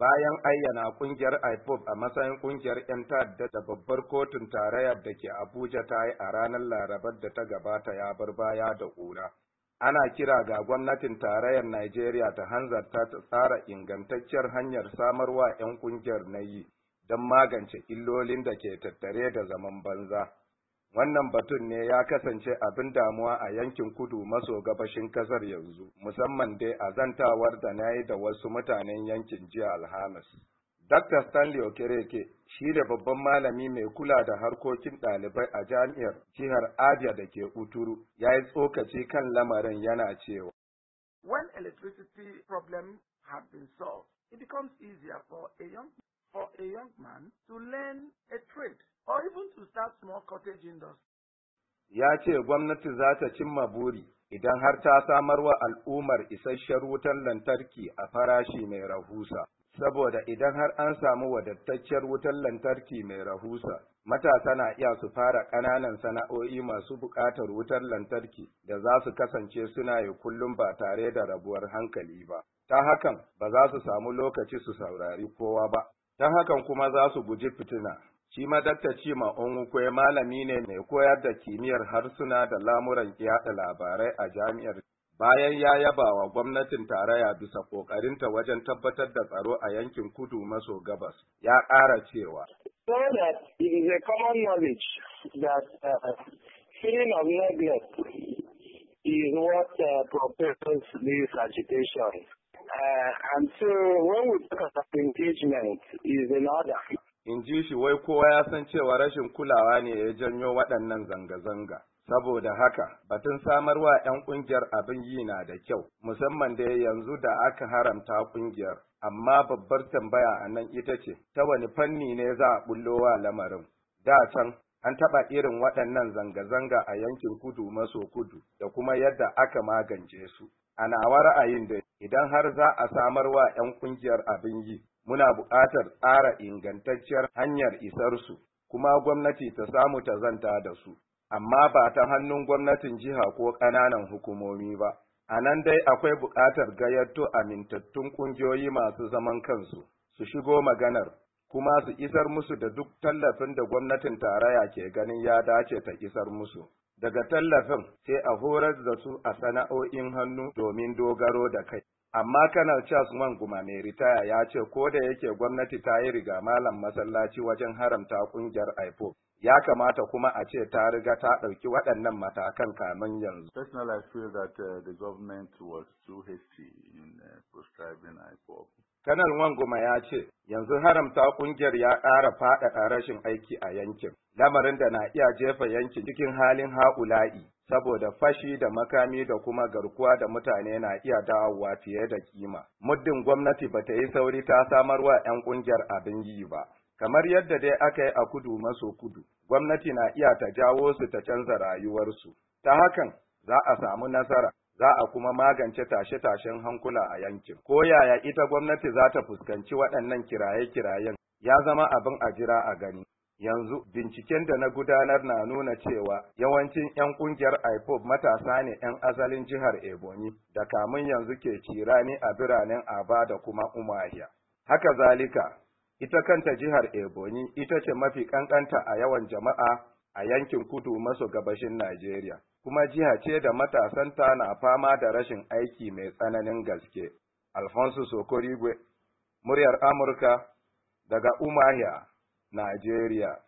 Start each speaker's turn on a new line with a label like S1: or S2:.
S1: bayan ayyana kungiyar IPOB a matsayin kungiyar 'yan ta'adda da babbar kotun tarayyar da ke Abuja ta yi a ranar Larabar da ta gabata ya bar baya da ƙura. Ana kira ga gwamnatin tarayyar Najeriya ta hanzarta ta tsara ingantacciyar hanyar samarwa 'yan kungiyar na yi don magance illolin da ke tattare da zaman banza. Wannan batun ne ya kasance abin damuwa a yankin kudu maso gabashin kasar yanzu, musamman dai a zantawar da na yi da wasu mutanen yankin jiya Alhamis. Dr. Stanley Okereke shi da babban malami mai kula da harkokin ɗalibai a jami'ar jihar Abia da ke Uturu ya yi tsokaci kan lamarin yana cewa. When electricity problem have been solved, it becomes easier for a young for a young man to learn a trade or even to start small cottage industry. Ya ce gwamnati za ta cimma buri idan har ta samar wa al'ummar isasshen wutar lantarki a farashi mai rahusa. Saboda idan har an samu wadatacciyar wutar lantarki mai rahusa, matasa na iya su fara ƙananan sana'o'i masu buƙatar wutar lantarki da za su kasance suna yi kullum ba tare da rabuwar hankali ba. Ta hakan ba za su samu lokaci su saurari kowa ba. don hakan kuma za su guji fitina. Shi ma Dr. Chima Onwukwe malami ne mai koyar da kimiyyar harsuna da lamuran yaɗa labarai a jami'ar bayan ya yaba wa gwamnatin tarayya bisa ƙoƙarinta wajen tabbatar da tsaro a yankin kudu maso gabas ya ƙara cewa. So that it is a common knowledge that uh, feeling is what uh, propels this agitation. Uh, and so when we talk about engagement is order. In ji shi wai kowa ya san cewa rashin kulawa ne ya janyo waɗannan zanga-zanga. Saboda haka, batun samarwa 'yan ƙungiyar abin yi na da kyau, musamman da yanzu da aka haramta ƙungiyar. Amma babbar tambaya a nan ita ce, ta wani fanni ne za a bullo wa lamarin? Da can, an taɓa irin waɗannan zanga-zanga a yankin kudu maso kudu da kuma yadda aka magance su. a nawa ra'ayin da idan har za a samar wa 'yan kungiyar abin yi muna buƙatar tsara ingantacciyar hanyar isarsu kuma gwamnati ta samu ta zanta da su amma ba ta hannun gwamnatin jiha ko ƙananan hukumomi ba a nan dai akwai buƙatar gayyato amintattun ƙungiyoyi masu zaman kansu su shigo maganar kuma su isar musu da duk tallafin da gwamnatin tarayya ke ganin ya dace ta isar musu Daga tallafin sai a horar da su a sana'o'in hannu domin dogaro da kai. Amma kanar Charles Wanguma mai ritaya ya ce ko da yake gwamnati ta yi riga malam masallaci wajen haramta kungiyar IPOP ya kamata kuma a ce ta riga ta ɗauki waɗannan matakan kamin yanzu. Personally, I feel that uh, the government was too hasty in uh, prescribing IPOP. Kanar Wanguma ya ce, yanzu haramta ƙungiyar ya ƙara faɗaɗa rashin aiki a yankin, lamarin da na iya jefa yankin cikin halin haƙula'i. saboda fashi da makami da kuma garkuwa da mutane na iya dawowa fiye da kima. Muddin gwamnati ba ta yi sauri ta samarwa 'yan ƙungiyar abin yi ba. Kamar yadda dai aka yi a kudu maso kudu, gwamnati na iya ta jawo su ta canza rayuwarsu, ta hakan za a samu nasara. za a kuma magance tashe-tashen hankula a yankin. Ko yaya ita gwamnati za ta fuskanci waɗannan kiraye-kirayen ya zama abin a jira a gani. Yanzu binciken da na gudanar na nuna cewa yawancin 'yan ƙungiyar IPOB matasa ne 'yan asalin jihar Ebonyi da kamun yanzu ke cira cirani a biranen Aba da kuma Umahiya. Haka zalika, ita kanta jihar Ebonyi ita ce mafi kankanta a yawan jama'a a yankin kudu maso gabashin Najeriya, kuma jiha ce da matasanta na fama da rashin aiki mai tsananin gaske. Alfonso Sokorigwe, muryar Amurka, daga Umahia, Najeriya.